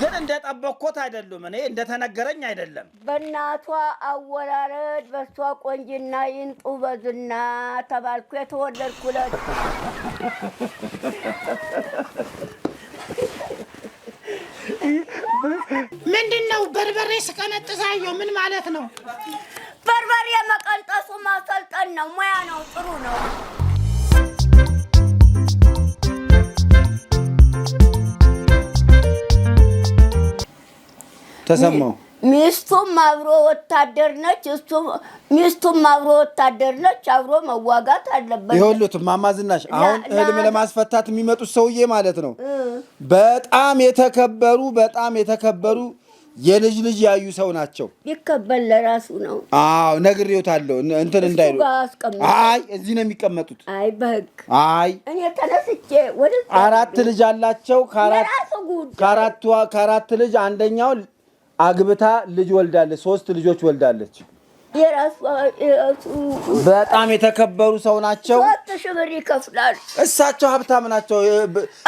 ግን እንደጠበኩት አይደሉም። እኔ እንደተነገረኝ አይደለም። በእናቷ አወራረድ በእሷ ቆንጅና ይንጡ በዝና ተባልኩ የተወለድኩለት። ምንድን ነው በርበሬ ስቀነጥሳየው ምን ማለት ነው? በርበሬ መቀንጠሱ ማሰልጠን ነው፣ ሙያ ነው፣ ጥሩ ነው። ተሰማው። ሚስቱም አብሮ ወታደር ነች፣ እሱ ሚስቱም አብሮ ወታደር ነች። አብሮ መዋጋት አለበት። የሁሉት ማማዝናሽ አሁን ህልም ለማስፈታት የሚመጡት ሰውዬ ማለት ነው። በጣም የተከበሩ በጣም የተከበሩ የልጅ ልጅ ያዩ ሰው ናቸው። ይከበል ለራሱ ነው። አዎ ነግሬዎታለሁ። እንትን እንዳይሉ። አይ እዚህ ነው የሚቀመጡት። አይ በህግ አይ እኔ ተነስቼ ወደ አራት ልጅ አላቸው። ከአራት ከአራት ልጅ አንደኛው አግብታ ልጅ ወልዳለች። ሶስት ልጆች ወልዳለች። በጣም የተከበሩ ሰው ናቸው። ሶስት ሺህ ብር ይከፍላሉ። እሳቸው ሀብታም ናቸው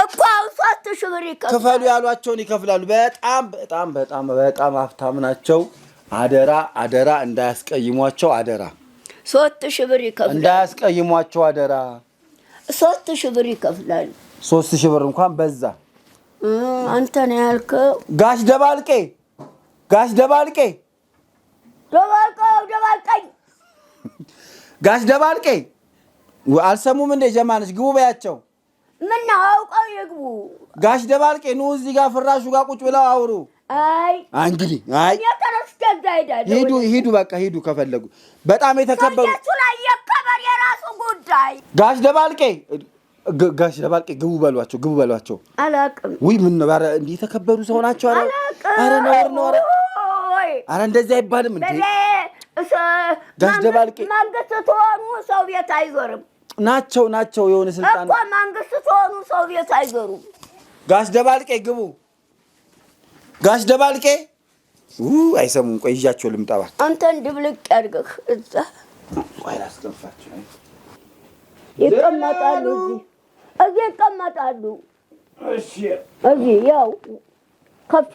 እኮ ሶስት ሺህ ብር ይከፍላሉ። ክፈሉ ያሏቸውን ይከፍላሉ። በጣም በጣም በጣም በጣም ሀብታም ናቸው። አደራ አደራ እንዳያስቀይሟቸው አደራ። ሶስት ሺህ ብር ይከፍላሉ። እንዳያስቀይሟቸው አደራ። ሶስት ሺህ ብር ይከፍላሉ። ሶስት ሺህ ብር እንኳን በዛ። አንተ ነው ያልከው ጋሽ ደባልቄ ጋሽ ደባልቄ ጋሽ ደባልቄ አልሰሙም እንዴ? ጀማነች ግቡ በያቸው። ምነው አውቀው ይግቡ። ጋሽ ደባልቄ ኑ እዚህ ጋር ፍራሹ ጋር ቁጭ ብለው አውሩ። አይ እንግዲህ አይ ሂዱ ሂዱ፣ በቃ ሂዱ። ከፈለጉ በጣም የተከበሩ የራሱ ጉዳይ። ጋሽ ደባልቄ ጋሽ ደባልቄ ግቡ በሏቸው፣ ግቡ በሏቸው። አላቅም። ውይ ምን ነው እንዲህ የተከበሩ ሰው ናቸው። አረ አረ ነው አረ እንደዚህ አይባልም እንዴ! ዳሽደባልቄ መንግስት ትሆኑ ሰው ቤት አይዞርም። ናቸው ናቸው የሆነ ስልጣን እኮ መንግስት ትሆኑ ሰው ቤት አይዞሩም። ጋሽ ደባልቄ ግቡ። ጋሽ ደባልቄ አይሰሙም። ቆይ ይዣቸው ልምጣ እባክህ። አንተን ድብልቅ ያድርግህ። እዛ ይቀመጣሉ፣ እዚህ ይቀመጣሉ። እዚህ ያው ከፍ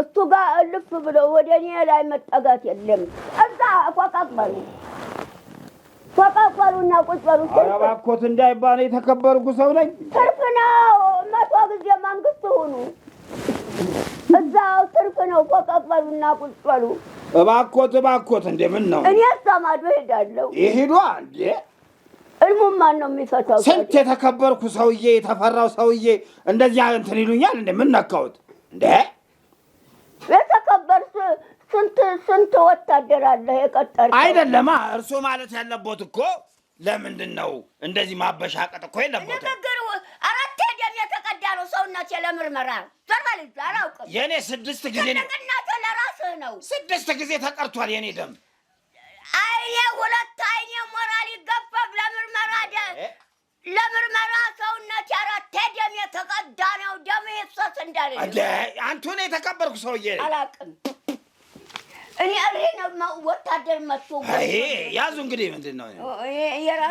እሱ ጋር እልፍ ብሎ ወደ እኔ ላይ መጠጋት የለም። እዛ ፎቃቀሉ ፎቃቀሉና ቁጭ በሉ። አረባኮት እንዳይባል የተከበርኩ ሰው ነኝ። ትርፍ ነው። መቶ ጊዜ መንግስት ሆኑ እዛው ትርፍ ነው። ፎቃቀሉና ቁጭ በሉ። እባኮት እባኮት፣ እንደምን ነው? እኔ አስተማዶ ሄዳለሁ። ይሄዱ እንዴ እልሙን ማን ነው የሚፈታው? ስንት የተከበርኩ ሰውዬ፣ የተፈራው ሰውዬ እንደዚህ እንትን ይሉኛል። እንደምን ነካሁት እንዴ የተከበር ስንት ስንት ወታደር አለ የቀጠር አይደለማ። እርስዎ ማለት ያለቦት እኮ ለምንድን ነው እንደዚህ ማበሻቀጥ እኮ የለቦት። ንግግር አራት ደም የተቀዳ ነው ሰውነት ለምርመራ ዞርበል አላውቅም። የእኔ ስድስት ጊዜ ነው። ለራስህ ነው። ስድስት ጊዜ ተቀርቷል የእኔ ደም ለምርመራ ሰውነት ያራቴ ደም የተቀዳ ነው። ደም የፍሰስ እንዳለ አንቱ ነው የተቀበርኩ ሰውዬ አላቅም። እኔ እሪ ነው ወታደር መጥቶ ያዙ። እንግዲህ ምንድን ነው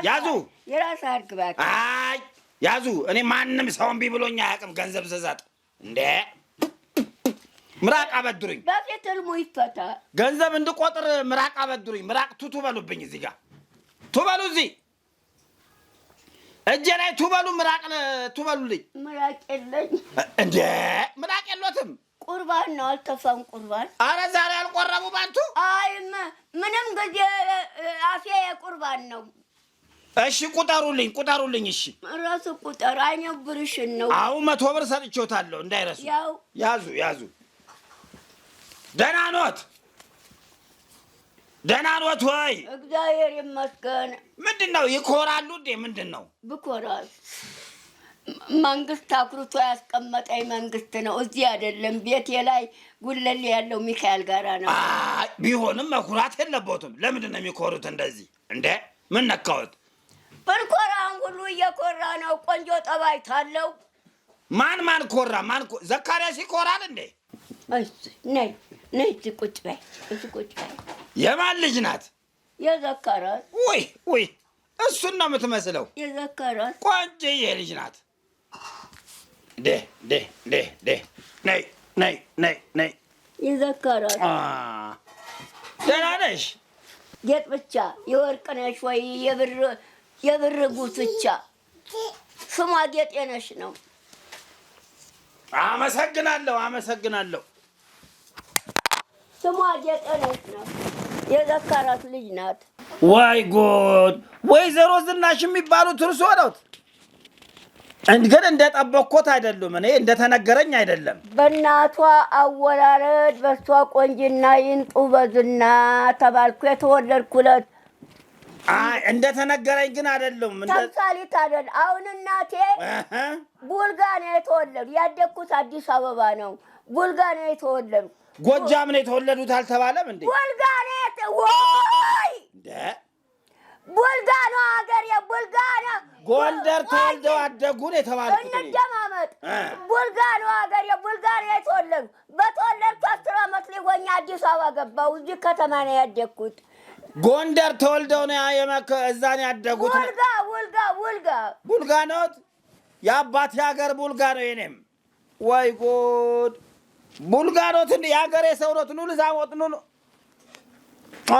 ያዙ፣ የራስ አድግባት አይ ያዙ። እኔ ማንም ሰው እምቢ ብሎኛ አያውቅም። ገንዘብ ዘዛጥ እንዴ ምራቅ አበድሩኝ። በፊት ህልሙ ይፈታ። ገንዘብ እንድቆጥር ምራቅ አበድሩኝ። ምራቅ ቱቱ በሉብኝ፣ እዚህ ጋር ቱበሉ እዚህ እጄ ላይ ቱበሉ ምራቅ ቱበሉልኝ። ምራቅ የለኝ እንዴ? ምራቅ የሎትም? ቁርባን ነው አልተፋም። ቁርባን አረ ዛሬ አልቆረቡ ባንቱ። አይ ምንም ጊዜ አፌ የቁርባን ነው። እሺ ቁጠሩልኝ፣ ቁጠሩልኝ። እሺ ራሱ ቁጠር። አይነ ብርሽን ነው አሁ መቶ ብር ሰጥቼዎታለሁ፣ እንዳይረሱ። ያው ያዙ፣ ያዙ። ደህና ኖት ደህና ኖት ወይ? እግዚአብሔር ይመስገን። ምንድን ነው ይኮራሉ እንዴ? ምንድን ነው ብኮራል? መንግስት አኩርቶ ያስቀመጠኝ መንግስት ነው። እዚህ አይደለም ቤቴ ላይ ጉለል ያለው ሚካኤል ጋራ ነው። ቢሆንም መኩራት የለቦትም። ለምንድን ነው የሚኮሩት እንደዚህ እንደ ምን ነካወት? ብንኮራን ሁሉ እየኮራ ነው። ቆንጆ ጠባይታለው። ማን ማን ኮራ? ማን ዘካሪያስ ይኮራል እንዴ? ነይ ነይ፣ እዚህ ቁጭ በይ፣ ቁጭ በይ ቁጭ በይ የማን ልጅ ናት? የዘከራት። ውይ ውይ፣ እሱን ነው የምትመስለው። የዘከራት ቆንጆዬ ልጅ ናት። ነይ ነይ ነይ ነይ። የዘከራት ደህና ነሽ? ጌጥ ብቻ የወርቅ ነሽ ወይ የብር የብር ጉት ብቻ? ስሟ ጌጤ ነሽ ነው። አመሰግናለሁ አመሰግናለሁ። ስሟ ጌጤ ነሽ ነው። የዘካራት ልጅ ናት። ዋይ ጎድ! ወይዘሮ ዝናሽ የሚባሉት እርሶ ነዎት? ግን እንደጠበቅኩት አይደሉም። እኔ እንደተነገረኝ አይደለም። በእናቷ አወራረድ በእሷ ቆንጅና ይንጡ በዝና ተባልኩ የተወለድኩለት። እንደተነገረኝ ግን አይደሉም። ተምሳሌት አይደል? አሁን እናቴ ቡልጋ ነው የተወለዱ። ያደግኩት አዲስ አበባ ነው። ቡልጋ ነው የተወለድኩ ጎጃም ነው የተወለዱት አልተባለም እንዴ? ቡልጋኔት ወይ ቡልጋና ሀገር የቡልጋና ጎንደር ተወልደው አደጉን የተባሉት እንደማመጥ ቡልጋና ሀገር የቡልጋና የተወለዱ በተወለድ ከአስር ዓመት ሊሆን አዲስ አበባ ገባሁ። እዚህ ከተማ ነው ያደግኩት። ጎንደር ተወልደው ነው የመከ እዛ ነው ያደጉት። ቡልጋ ቡልጋ ቡልጋ ቡልጋ ነው የአባቴ ሀገር ቡልጋ ነው የኔም። ወይ ጉድ ቡልጋሮትን የአገሬ ሰውሮት ኑ ልዛሞት ኑ።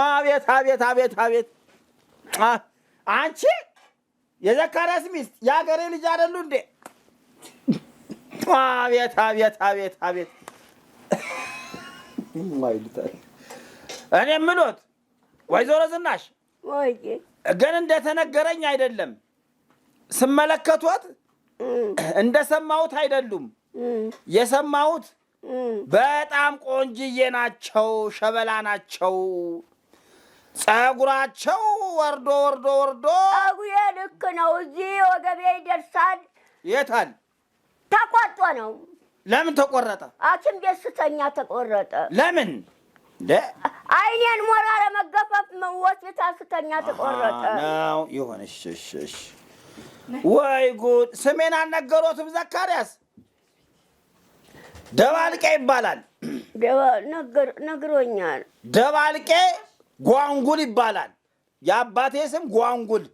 አቤት አቤት አቤት አቤት! አንቺ የዘካርያስ ሚስት የአገሬ ልጅ አደሉ እንዴ? አቤት አቤት አቤት አቤት! እኔ ምሎት ወይዘሮ ዝናሽ ግን እንደተነገረኝ አይደለም ስመለከቶት እንደሰማሁት አይደሉም የሰማሁት በጣም ቆንጅዬ ናቸው፣ ሸበላ ናቸው። ጸጉራቸው ወርዶ ወርዶ ወርዶ ጸጉሬ ልክ ነው፣ እዚህ ወገቤ ይደርሳል። የታል? ተቆርጦ ነው። ለምን ተቆረጠ? ሐኪም ቤት ስተኛ ተቆረጠ። ለምን? አይኔን ሞራ ለመገፈፍ ሆስፒታል ስተኛ ተቆረጠ ነው የሆነሽ። ወይ ጉድ! ስሜን አልነገሮትም ዘካርያስ ደባልቄ ይባላል። ነግሮኛል። ደባልቄ ጓንጉል ይባላል። የአባቴ ስም ጓንጉል።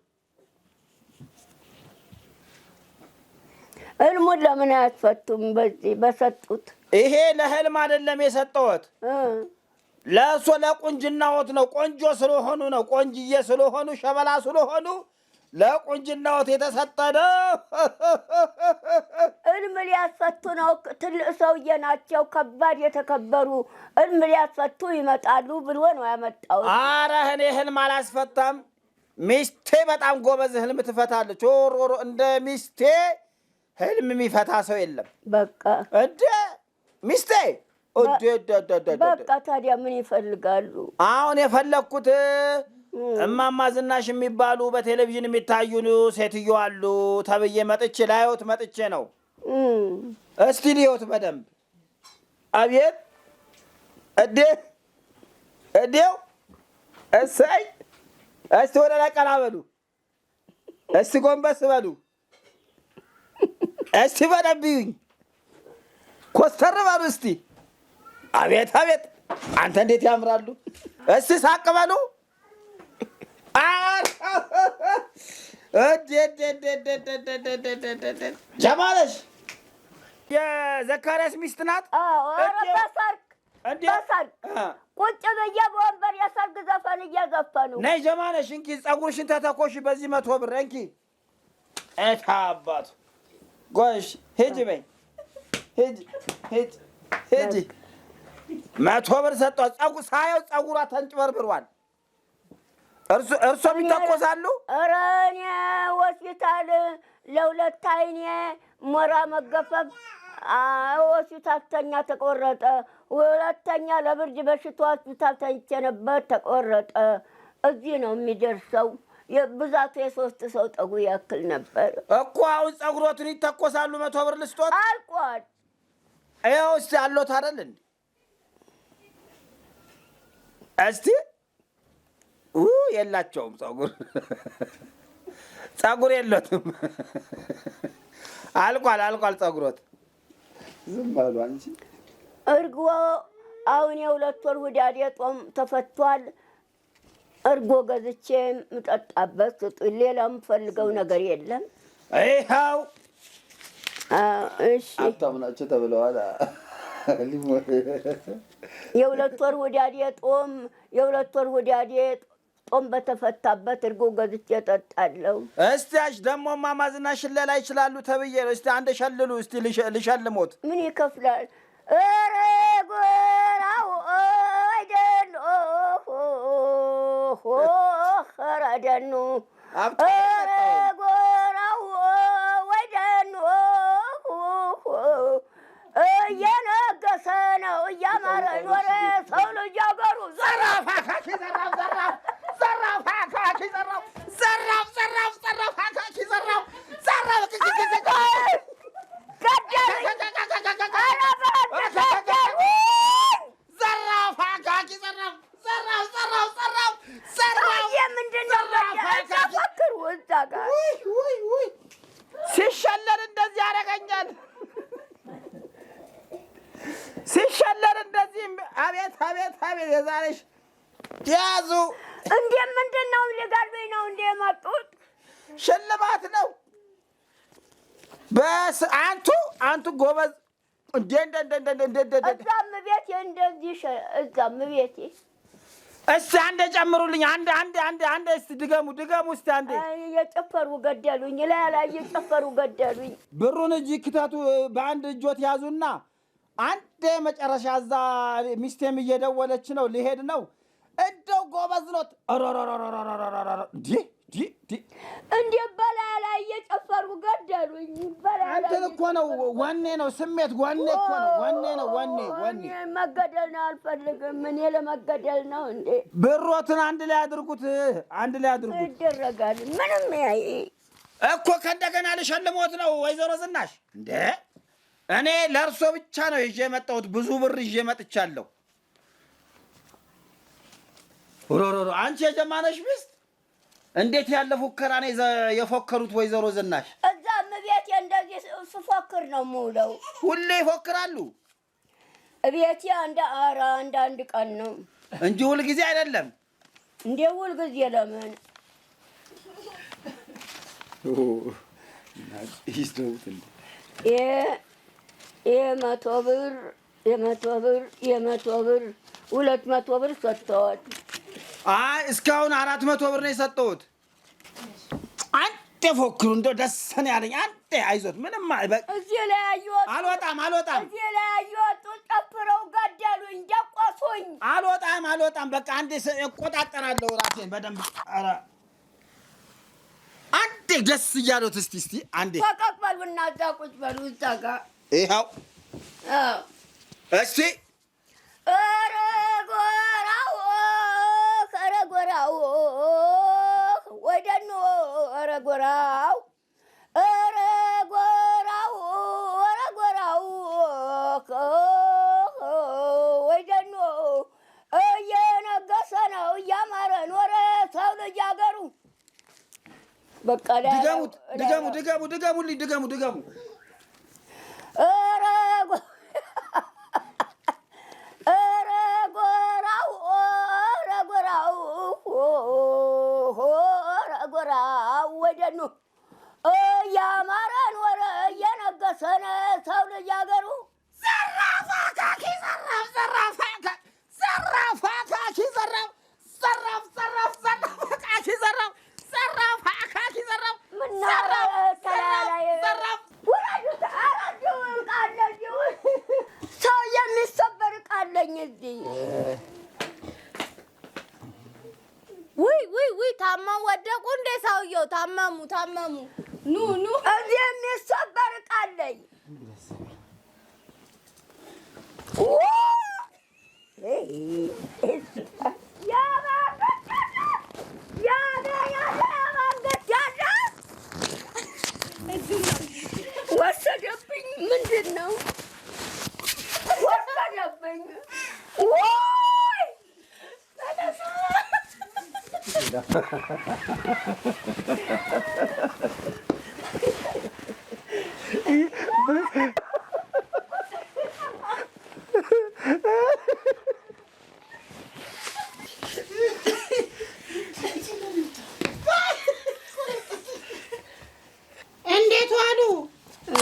ህልሙን ለምን አያስፈቱም? በዚህ በሰጡት ይሄ ለህልም አይደለም የሰጠወት ለእሱ ለቁንጅናዎት ነው። ቆንጆ ስለሆኑ ነው። ቆንጅዬ ስለሆኑ ሸበላ ስለሆኑ ለቁንጅናዎት የተሰጠ ነው። እልም ሊያስፈቱ ነው። ትልቅ ሰውዬ ናቸው። ከባድ የተከበሩ እልም ሊያስፈቱ ይመጣሉ ብሎ ነው ያመጣው። አረ እኔ ህልም አላስፈታም። ሚስቴ በጣም ጎበዝ ህልም ትፈታለች። ሮሮ እንደ ሚስቴ ህልም የሚፈታ ሰው የለም። በቃ እንደ ሚስቴ በቃ ታዲያ ምን ይፈልጋሉ? አሁን የፈለግኩት እማማ ዝናሽ የሚባሉ በቴሌቪዥን የሚታዩ ሴትዮ አሉ ተብዬ መጥቼ ላዮት መጥቼ ነው። እስቲ ልዮት በደንብ አብየት እዴ እዴው እሰይ እስቲ ወደ ላይ ቀና በሉ። እስቲ ጎንበስ በሉ። እስቲ በደንብ ይዩኝ። ኮስተር በሉ እስቲ። አቤት አቤት! አንተ እንዴት ያምራሉ! እስቲ ሳቅ በሉ። ጀማለሽ የዘካሪያስ ሚስት ናት። ቁጭ ብዬ በወንበር የሰርግ ዘፈን እየዘፈኑ ነይ። ጀማለሽ እንኪ ጸጉርሽን ተተኮሽ። በዚህ መቶ ብር እንኪ አባቱ ጎሽ፣ ሂጂ በይ ሂጂ። መቶ ብር ሳየው ጸጉሯ ተንጭበርብሯል። እርሶም ይተኮሳሉ? ኧረ እኔ ሆስፒታል ለሁለት አይኔ ሞራ መገፈፍ ሆስፒታል ተኛ ተቆረጠ። ሁለተኛ ለብርድ በሽቶ ሆስፒታል ተኝቼ ነበር ተቆረጠ። እዚህ ነው የሚደርሰው። ብዛቱ የሶስት ሰው ጠጉ ያክል ነበር እኮ። አሁን ጸጉሮቱን ይተኮሳሉ። መቶ ብር ልስጦት አልቋል። ይኸው እስቲ አሎት አይደል እንዴ እስቲ የላቸውም ጸጉር ጸጉር የለትም። አልቋል አልቋል ጸጉሮት ዝም አሉ። አንቺ እርጎ አሁን የሁለት ወር ሁዳዴ ጦም ተፈቷል። እርጎ ገዝቼ የምጠጣበት ስጡኝ። ሌላ የምፈልገው ነገር የለም። ይኸው እሺ፣ አታምናቸው ተብለዋል። የሁለት ወር ሁዳዴ ጦም የሁለት ወር ሁዳዴ ጦም በተፈታበት እርጎ ገዝቼ እጠጣለሁ። እስቲ ደግሞ ማማዝና ሽለላ ይችላሉ ተብዬ ነው። እስቲ አንድ ሸልሉ እስቲ ልሸልሞት። ምን ይከፍላል? ኧረ ጎራው አይደል ረደኑ ጎራው ወደኑ እየነገሰ ነው እያማረ ኖረ ሰው ልጅ አገሩ ዘራፍ ዘራፍ ሲሸለል እንደዚህ ያደርገኛል። ሲሸለል እንደዚህ አቤት አቤት አቤት የዛሬሽ ያዙ እንዴ ምንድን ነው? ሊገሉኝ ነው እንዴ የመጡት? ሽልማት ነው። በስ አንቱ አንቱ ጎበዝ። እንዴ እዛም ቤቴ እንደዚህ እዛም ቤቴ እስቲ አንዴ ጨምሩልኝ። አንድ አንድ አንድ አንድ እስቲ ድገሙ ድገሙ እስቲ አንዴ። የጨፈሩ ገደሉኝ፣ ላይ ላይ የጨፈሩ ገደሉኝ። ብሩን እጅ ክተቱ፣ በአንድ እጆት ያዙና አንዴ መጨረሻ። እዛ ሚስቴም እየደወለች ነው፣ ሊሄድ ነው እንደው ጎበዝ ኖት በላ ላይ እየጨፈሩ ገደሉኝ። እንትን እኮ ነው ዋኔ ነው ስሜት ዋኔ እኮ ነው ዋኔ ነው ዋኔ ዋኔ መገደል ነው አልፈልግም። እኔ ለመገደል ነው እንዴ? ብሮትን አንድ ላይ አድርጉት፣ አንድ ላይ አድርጉት። ይደረጋል ምንም ያይ እኮ ከእንደገና ልሸልሞት ነው ወይዘሮ ዝናሽ እንዴ። እኔ ለእርሶ ብቻ ነው ይዤ የመጣሁት ብዙ ብር ይዤ መጥቻለሁ። ሮሮሮ አንቺ የጀማነሽ ሚስት እንዴት ያለ ፉከራ ነው የፎከሩት? ወይዘሮ ዝናሽ እዛም ቤቴ እንደዚህ ስፎክር ነው የምውለው። ሁሌ ይፎክራሉ እቤቴ አንድ ኧረ አንድ አንድ ቀን ነው እንጂ ጊዜ አይደለም። እንዴ ጊዜ ለምን የመቶ ብር የመቶ ብር የመቶ ብር ሁለት መቶ ብር ሰጥተዋል። አይ እስካሁን አራት መቶ ብር ነው የሰጠሁት። አንዴ ፎክሩ እንደው ደስ ነው ያለኝ። አንዴ አይዞት ምንም አልወጣም አልወጣም። አልወጣም አልወጣም። በቃ አንዴ እቆጣጠራለሁ ራሴን በደንብ። ኧረ አንዴ ደስ እያለሁት እስኪ እስኪ አንዴ ፈቀቅ በሉና እዛ ቁጭ በሉ እዛ ጋር ይኸው እስኪ ኧረ ጎራው ከረጎራው ወደኖ ረጎራው ረጎራው ረጎራው ወደኖ እየነገሰ ነው እያማረ ኖረ ሰው ልጅ አገሩ በቃ ድገሙት ድገሙ ድገሙ ድገሙልኝ ድገሙ ድገሙ ታመሙ ታመሙ። ኑ ኑ እዚህ የሚሰበር ዕቃ አለኝ። ወሰደብኝ። ምንድን ነው? እንዴት ዋሉ?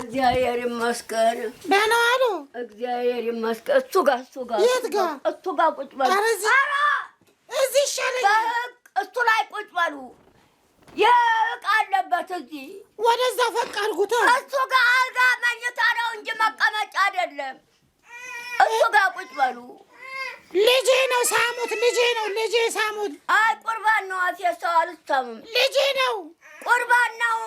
እግዚአብሔር ይመስገን። ደህና ዋሉ? እግዚአብሔር ይመስገን። እሱ ጋር እሱ ጋር እሱ ጋር ቁጭ በል አልኳት። እዚህ ወደዛ ፈቅ አልኩታ። እሱ ጋር አልጋ መኝታ ነው እንጂ መቀመጫ አይደለም። እሱ ጋር ቁጭ በሉ። ልጄ ነው ሳሙት። ልጄ ነው ልጄ ሳሙት። አይ ቁርባን ነው አሴ ሰው አልስታምም። ልጄ ነው ቁርባን ነው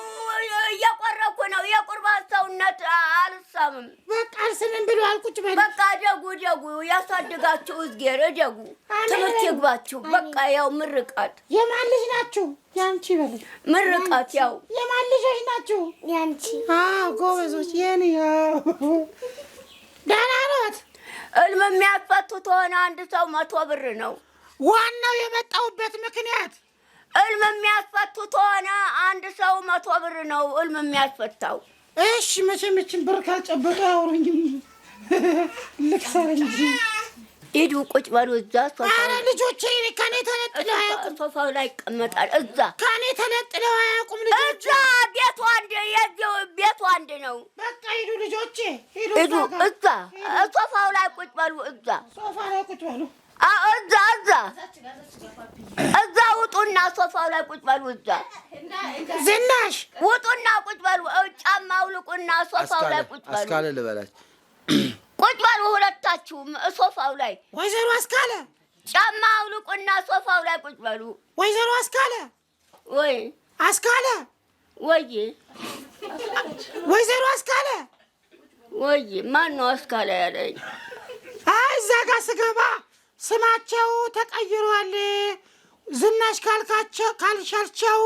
እየቆረኩ ነው። የቁርባን ሰውነት አልሳምም። በቃ ስምን ብሎ አልቁጭ በል በቃ ደጉ ደጉ ያሳድጋችሁ። እዝጌር ደጉ ትምህርት ይግባችሁ። በቃ ያው ምርቃት የማልሽ ናችሁ ያንቺ በል ምርቃት ያው ናችሁ ያንቺ። አዎ ጎበዞች የኔ ደህና እልም አንድ ሰው መቶ ብር ነው ዋናው የመጣሁበት ምክንያት እልም የሚያስፈቱት ሆነ አንድ ሰው መቶ ብር ነው እልም የሚያስፈታው። እሺ መቼም ይችን ብር ካልጨበቀ አውሩኝ ልክሰር እንጂ ሂዱ ቁጭ በሉ እዛ አረ ልጆቼ ከኔ ተነጥለው አያውቁም። ሶፋው ላይ ይቀመጣል። እዛ ከኔ ተነጥለው አያውቁም። ልጆቼ እዛ ቤቱ አንድ የዚው ቤቱ አንድ ነው። በቃ ሂዱ ልጆቼ ሂዱ። እዛ ሶፋው ላይ ቁጭ በሉ። እዛ ሶፋ ላይ ቁጭ በሉ። እዛ እዛ እዛ ውጡና ሶፋው ላይ ቁጭ በሉ። እዛ ዝናሽ ውጡና ቁጭ በሉ። ጫማ አውልቁና ሶፋው ላይ ቁጭ በሉ። አስካለ ልበላች ቁጭ በሉ ሁለታችሁም ሶፋው ላይ። ወይዘሮ አስካለ ጫማ አውልቁና ሶፋው ላይ ቁጭ በሉ። ወይዘሮ አስካለ ወይ አስካለ ወይ ወይዘሮ አስካለ ወይ ማን ነው አስካለ ያለኝ? አይ እዛ ጋር ስገባ ስማቸው ተቀይሯል። ዝናሽ ካልካቸው ካልሻልቸው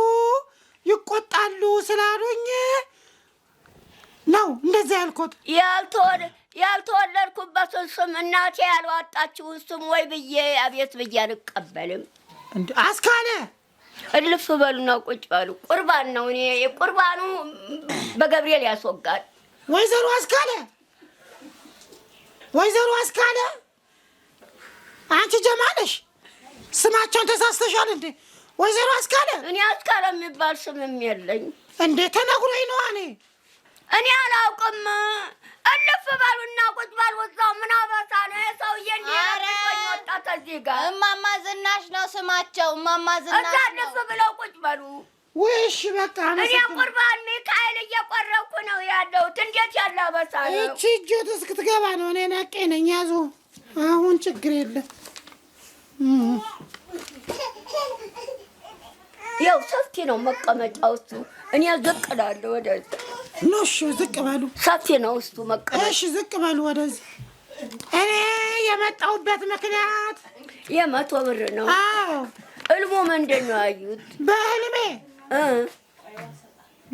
ይቆጣሉ ስላሉኝ ነው እንደዚያ ያልኩት። ያልተወለድኩበትን ስም እናቴ ያልዋጣችውን ስም ወይ ብዬ አቤት ብዬ አልቀበልም። አስካለ እልፍ በሉና ቁጭ በሉ። ቁርባን ነው። እኔ ቁርባኑ በገብርኤል ያስወጋል። ወይዘሮ አስካለ ወይዘሮ አስካለ አንቺ ጀማለሽ ስማቸውን ተሳስተሻል እንዴ? ወይዘሮ አስካለ። እኔ አስካለ የሚባል ስምም የለኝ እንዴ? ተነግሮኝ ነዋ። እኔ እኔ አላውቅም። እልፍ ባሉና ቁጭ ባል ወዛው ምን አበሳ ነው የሰውዬ ወጣ እዚህ ጋር እማማ ዝናሽ ነው ስማቸው። እማማ ዝናሽ እዛ እልፍ ብለው ቁጭ በሉ። ውሽ በቃ እኔ ቁርባን ሚካኤል እየቆረኩ ነው ያለሁት። እንዴት ያለ አበሳ ነው! እቺ እጆት እስክትገባ ነው። እኔ ነቄ ነኝ ያዙ። አሁን ችግር የለም ያው ሰፊ ነው እኔ ዝቅ እላለሁ ወደዚህ ነው። እሺ ዝቅ በሉ። ሰፊ እሺ ዝቅ በሉ ሰፊ ነው መቀመጫ እሺ ዝቅ በሉ ወደዚህ እኔ የመጣሁበት ምክንያት የመቶ ብር ነው። አዎ እልሙ ምንድን ነው ያዩት? በህልሜ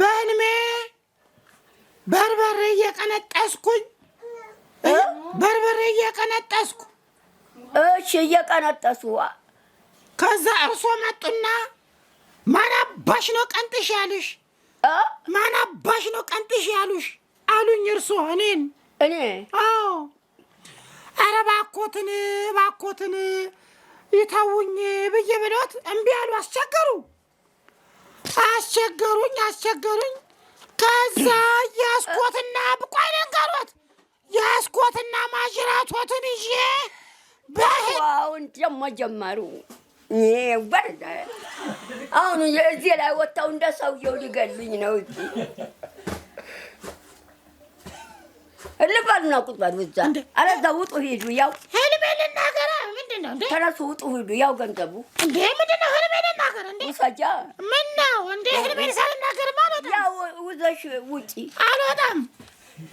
በህልሜ በርበሬ እየቀነጠስኩኝ በርበሬ እየቀነጠስኩ እሺ እየቀነጠሱ ከዛ እርሶ መጡና ማናባሽ ነው ቀንጥሽ ያሉሽ? ማናባሽ ነው ቀንጥሽ ያሉሽ አሉኝ። እርሶ እኔን እኔ አዎ፣ አረ ባኮትን ባኮትን ይተውኝ ብዬ ብሎት እምቢ አሉ። አስቸገሩ አስቸገሩኝ አስቸገሩኝ። ከዛ ያስኮትና ብቋይ ነገሮት ያስኮትና ማጅራቶትን ይዤ ደግሞ ጀመሩ። አሁን እዚህ ላይ ወጥተው እንደ ሰውየው ሊገሉኝ ነው። ልባል ነው ቁጥባል ብቻ አለዛ ውጡ ሂዱ። ያው ህልሜልና ገራ ምንድን ነው እንዴ? ተነሱ ውጡ ሂዱ። ያው ገንዘቡ እንዴ ምንድን ነው? ህልሜልና ገራ እንዴ ውሰጃ። ምን ነው እንዴ? ህልሜን ሳልናገር ማለት ያው ውዘሽ ውጪ። አልወጣም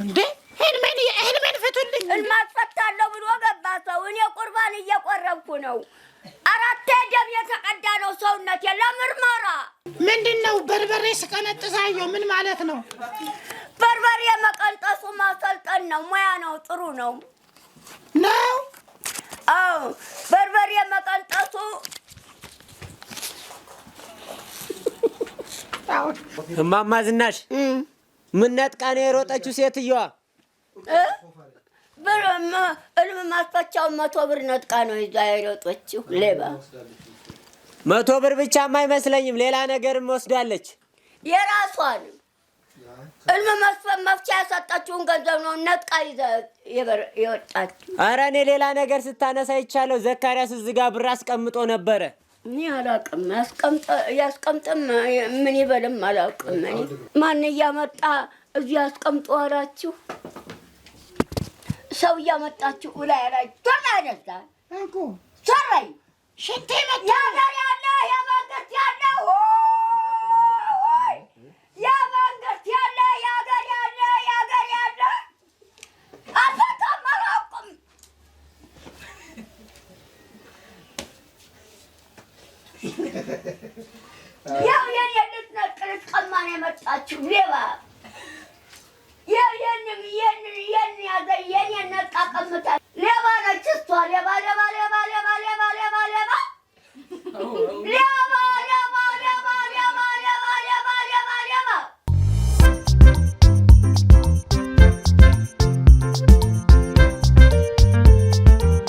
እንዴ ህልሜን ፍቱልኝ። እማፈታለሁ ብሎ ገባ ሰው። እኔ ቁርባን እየቆረብኩ ነው። አራቴ ደም የተቀዳ ነው ሰውነቴ ለምርመራ። ምንድን ነው በርበሬ ስቀነጥሳየው ምን ማለት ነው? በርበሬ መቀንጠሱ ማሰልጠን ነው፣ ሙያ ነው፣ ጥሩ ነው ነው። አዎ በርበሬ መቀንጠሱ እማማ ዝናሽ ምን ነው የሮጠችው ሴትዮዋ? እልም ማስፈቻውን መቶ ብር ነጥቃ ነው ይዛ የሮጠችው ሌባ። መቶ ብር ብቻም አይመስለኝም ሌላ ነገርም ወስዳለች። የራሷን እልም መፍቻ ያሰጣችውን ገንዘብ ነው ነጥቃ ይዛ የወጣችው። ኧረ እኔ ሌላ ነገር ስታነሳ ይቻለው ዘካሪያስ እዚህ ጋር ብር አስቀምጦ ነበረ። እኔ አላውቅም፣ ያስቀምጥም ምን ይበልም አላውቅም። ማን እያመጣ እዚህ አስቀምጦ አላችሁ? ሰው እያመጣችሁ ላይ ላይ ቶላ ደስታ ሰራይ ሽንቴ መጣ ያለ ያለ ያለው